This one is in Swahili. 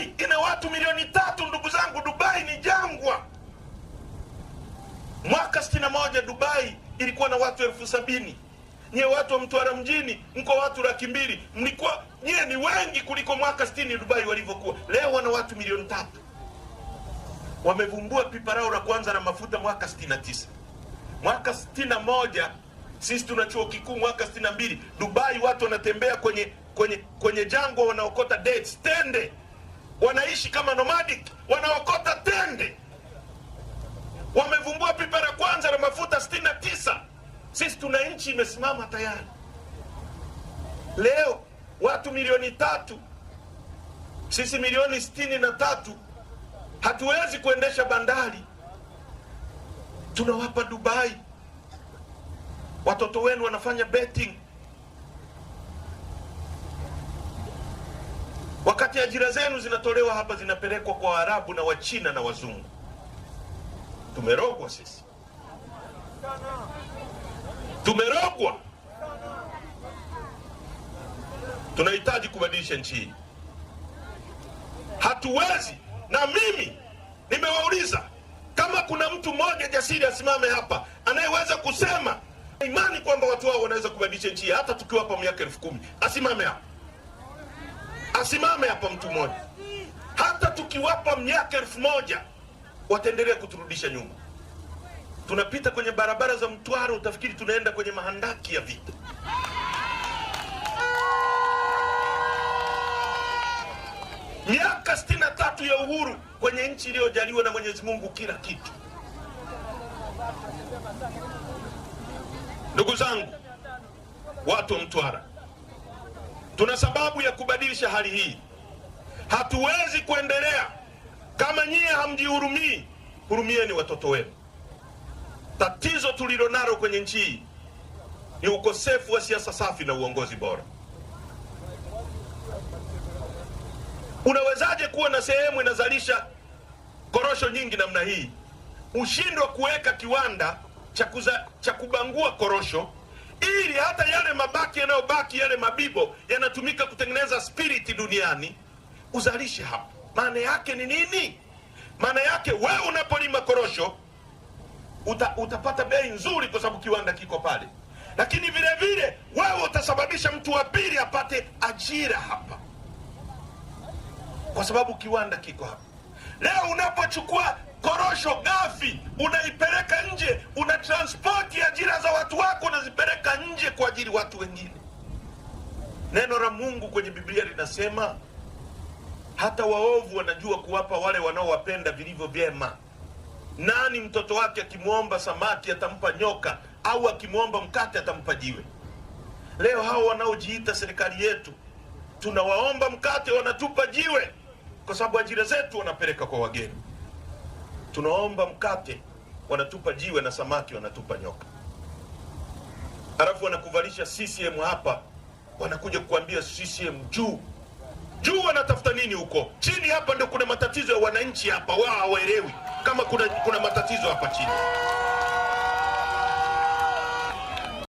Dubai ina watu milioni tatu. Ndugu zangu, Dubai ni jangwa. Mwaka sitini moja Dubai ilikuwa na watu elfu sabini. Nyie watu wa Mtwara mjini mko watu laki mbili, mlikuwa nyie ni wengi kuliko mwaka sitini Dubai walivyokuwa. Leo wana watu milioni tatu. Wamevumbua pipa lao la kwanza la mafuta mwaka sitini tisa. Mwaka sitini moja sisi tuna chuo kikuu mwaka 62 Dubai watu wanatembea kwenye kwenye kwenye jangwa wanaokota dates tende wanaishi kama nomadic, wanaokota tende. Wamevumbua pipa la kwanza la mafuta 69 na tisa. Sisi tuna nchi imesimama tayari. Leo watu milioni tatu, sisi milioni stini na tatu, hatuwezi kuendesha bandari, tunawapa Dubai. Watoto wenu wanafanya betting. wakati ajira zenu zinatolewa hapa zinapelekwa kwa Waarabu na Wachina na Wazungu. Tumerogwa sisi, tumerogwa. Tunahitaji kubadilisha nchi hii, hatuwezi. Na mimi nimewauliza kama kuna mtu mmoja jasiri asimame hapa anayeweza kusema imani kwamba watu wao wanaweza kubadilisha nchi hii, hata tukiwapa miaka elfu kumi asimame hapa tusimame hapa mtu mmoja, hata tukiwapa miaka elfu moja wataendelea kuturudisha nyuma. Tunapita kwenye barabara za Mtwara, utafikiri tunaenda kwenye mahandaki ya vita. Miaka sitini na tatu ya uhuru kwenye nchi iliyojaliwa na Mwenyezi Mungu kila kitu. Ndugu zangu, watu wa Mtwara, Tuna sababu ya kubadilisha hali hii. Hatuwezi kuendelea kama nyie hamjihurumii. Hurumieni watoto wenu. Tatizo tulilonalo kwenye nchi hii ni ukosefu wa siasa safi na uongozi bora. Unawezaje kuwa na sehemu inazalisha korosho nyingi namna hii ushindwa kuweka kiwanda cha kubangua korosho ili hata yale mabaki yanayobaki yale mabibo yanatumika kutengeneza spiriti duniani, uzalishe hapo. Maana yake ni nini? Maana yake wewe unapolima korosho uta, utapata bei nzuri kwa sababu kiwanda kiko pale, lakini vile vile wewe utasababisha mtu wa pili apate ajira hapa kwa sababu kiwanda kiko hapa. Leo unapochukua korosho gafi unaipeleka nje watu wengine. Neno la Mungu kwenye Biblia linasema hata waovu wanajua kuwapa wale wanaowapenda vilivyo vyema. Nani mtoto wake akimwomba samaki atampa nyoka, au akimwomba mkate atampa jiwe? Leo hao wanaojiita serikali yetu, tunawaomba mkate wanatupa jiwe, kwa sababu ajira zetu wanapeleka kwa wageni. Tunaomba mkate wanatupa jiwe, na samaki wanatupa nyoka halafu wanakuvalisha CCM hapa, wanakuja kukuambia CCM juu juu. Wanatafuta nini huko chini? Hapa ndio kuna matatizo ya wananchi hapa, wao hawaelewi kama kuna, kuna matatizo hapa chini.